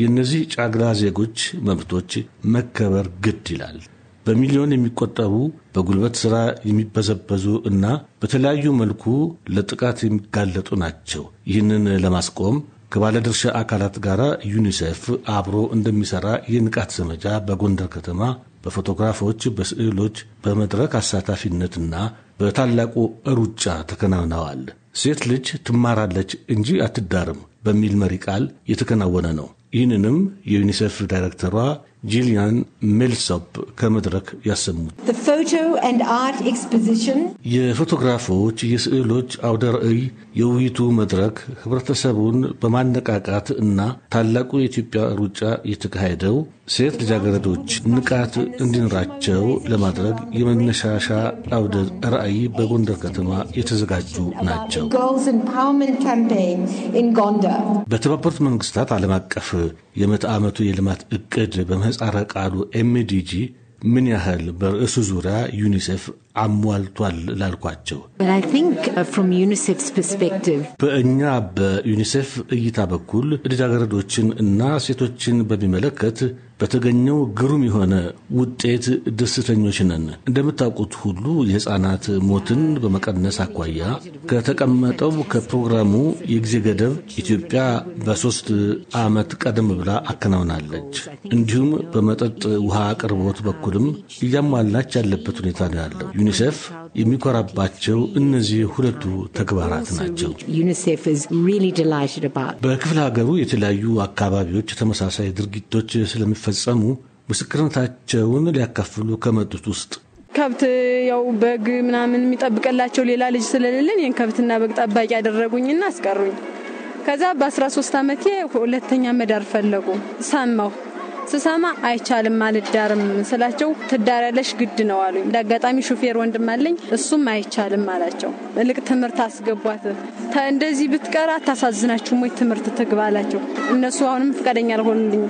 የእነዚህ ጫግላ ዜጎች መብቶች መከበር ግድ ይላል። በሚሊዮን የሚቆጠሩ በጉልበት ሥራ የሚበዘበዙ እና በተለያዩ መልኩ ለጥቃት የሚጋለጡ ናቸው። ይህንን ለማስቆም ከባለድርሻ አካላት ጋር ዩኒሴፍ አብሮ እንደሚሠራ የንቃት ዘመቻ በጎንደር ከተማ በፎቶግራፎች፣ በስዕሎች፣ በመድረክ አሳታፊነትና በታላቁ ሩጫ ተከናውነዋል። ሴት ልጅ ትማራለች እንጂ አትዳርም በሚል መሪ ቃል የተከናወነ ነው። ይህንንም የዩኒሴፍ ዳይሬክተሯ ጂሊያን ሜልሰፕ ከመድረክ ያሰሙት የፎቶግራፎች የስዕሎች አውደ ርዕይ የውይይቱ መድረክ ህብረተሰቡን በማነቃቃት እና ታላቁ የኢትዮጵያ ሩጫ የተካሄደው ሴት ልጃገረዶች ንቃት እንዲኖራቸው ለማድረግ የመነሻሻ አውደ ርዕይ በጎንደር ከተማ የተዘጋጁ ናቸው። በተባበሩት መንግስታት ዓለም አቀፍ የምዕተ ዓመቱ የልማት እቅድ በመ ምህጻረ ቃሉ ኤምዲጂ ምን ያህል በርዕሱ ዙሪያ ዩኒሴፍ አሟልቷል ላልኳቸው፣ uh, በእኛ በዩኒሴፍ እይታ በኩል ልጃገረዶችን እና ሴቶችን በሚመለከት በተገኘው ግሩም የሆነ ውጤት ደስተኞች ነን። እንደምታውቁት ሁሉ የህፃናት ሞትን በመቀነስ አኳያ ከተቀመጠው ከፕሮግራሙ የጊዜ ገደብ ኢትዮጵያ በሶስት ዓመት ቀደም ብላ አከናውናለች። እንዲሁም በመጠጥ ውሃ አቅርቦት በኩልም እያሟላች ያለበት ሁኔታ ነው ያለው። ዩኒሴፍ የሚኮራባቸው እነዚህ ሁለቱ ተግባራት ናቸው። በክፍለ ሀገሩ የተለያዩ አካባቢዎች ተመሳሳይ ድርጊቶች ስለሚፈ ሲፈጸሙ ምስክርነታቸውን ሊያካፍሉ ከመጡት ውስጥ ከብት ያው በግ ምናምን የሚጠብቅላቸው ሌላ ልጅ ስለሌለን ይህን ከብትና በግ ጠባቂ ያደረጉኝና አስቀሩኝ። ከዛ በ13 ዓመቴ ሁለተኛ መዳር ፈለጉ ሰማሁ። ስሰማ አይቻልም አልዳርም ስላቸው ትዳር ያለሽ ግድ ነው አሉኝ። እንዳጋጣሚ ሹፌር ወንድም አለኝ እሱም አይቻልም አላቸው። እልቅ ትምህርት አስገቧት እንደዚህ ብትቀር አታሳዝናችሁም ወይ ትምህርት ትግባ አላቸው። እነሱ አሁንም ፈቃደኛ አልሆኑልኝ።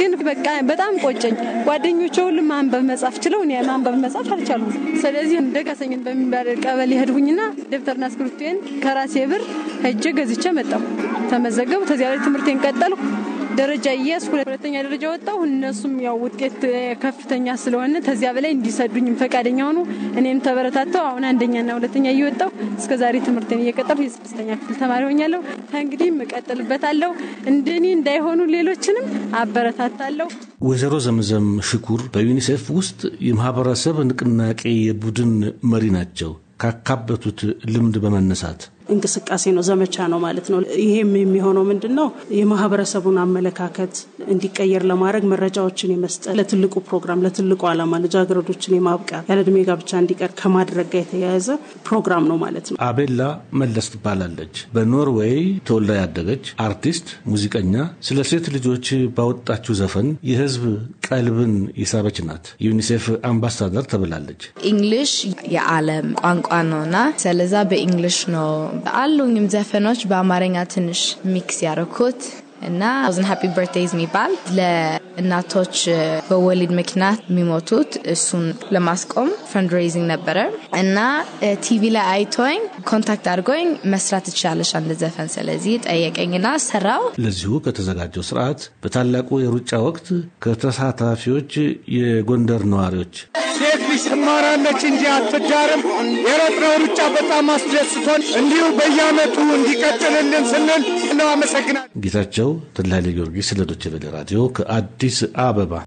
ግን በቃ በጣም ቆጨኝ። ጓደኞቼ ሁሉ ማንበብ መጻፍ ችለው እኔ ማንበብ መጻፍ አልቻሉም። ስለዚህ እንደ ቀሰኝን በሚባል ቀበሌ ሄድኩኝና ደብተርና እስክሪብቶን ከራሴ ብር ሄጄ ገዝቼ መጣሁ። ተመዘገቡ። ተዚያ ላይ ትምህርቴን ቀጠልኩ። ደረጃ እያስ ሁለተኛ ደረጃ ወጣው። እነሱም ያው ውጤት ከፍተኛ ስለሆነ ከዚያ በላይ እንዲሰዱኝም ፈቃደኛ ሆኑ። እኔም ተበረታተው አሁን አንደኛና ሁለተኛ እየወጣው እስከ ዛሬ ትምህርትን እየቀጠልኩ የስድስተኛ ክፍል ተማሪ ሆኛለሁ። ከእንግዲህ እቀጥልበታለሁ። እንደኔ እንዳይሆኑ ሌሎችንም አበረታታለሁ። ወይዘሮ ዘምዘም ሽኩር በዩኒሴፍ ውስጥ የማህበረሰብ ንቅናቄ የቡድን መሪ ናቸው። ካካበቱት ልምድ በመነሳት እንቅስቃሴ ነው፣ ዘመቻ ነው ማለት ነው። ይሄም የሚሆነው ምንድን ነው የማህበረሰቡን አመለካከት እንዲቀየር ለማድረግ መረጃዎችን የመስጠት ለትልቁ ፕሮግራም ለትልቁ ዓላማ ልጃገረዶችን የማብቃት ያለ ዕድሜ ጋብቻ እንዲቀር ከማድረግ ጋር የተያያዘ ፕሮግራም ነው ማለት ነው። አቤላ መለስ ትባላለች። በኖርዌይ ተወልዳ ያደገች አርቲስት፣ ሙዚቀኛ ስለ ሴት ልጆች ባወጣችው ዘፈን የህዝብ ቀልብን የሳበች ናት። ዩኒሴፍ አምባሳደር ተብላለች። ኢንግሊሽ የዓለም ቋንቋ ነውና ስለዛ በኢንግሊሽ ነው አሉኝም ዘፈኖች በአማርኛ ትንሽ ሚክስ ያደረኩት እና ዝን ሀፒ በርቴይዝ የሚባል ለእናቶች በወሊድ ምክንያት የሚሞቱት እሱን ለማስቆም ፈንድሬዚንግ ነበረ እና ቲቪ ላይ አይቶኝ ኮንታክት አድርጎኝ መስራት ትችላለሽ አንድ ዘፈን ስለዚህ ጠየቀኝና ሰራው። ለዚሁ ከተዘጋጀው ስርዓት በታላቁ የሩጫ ወቅት ከተሳታፊዎች የጎንደር ነዋሪዎች ሴት ልጅ ትማራለች እንጂ አትዳርም። የሮጥነው ሩጫ በጣም አስደስቶን እንዲሁ በየአመቱ እንዲቀጥልልን ስንል ነው። አመሰግናል። ጌታቸው ትላሌ ጊዮርጊስ ለዶይቼ ቬለ ራዲዮ ከአዲስ አበባ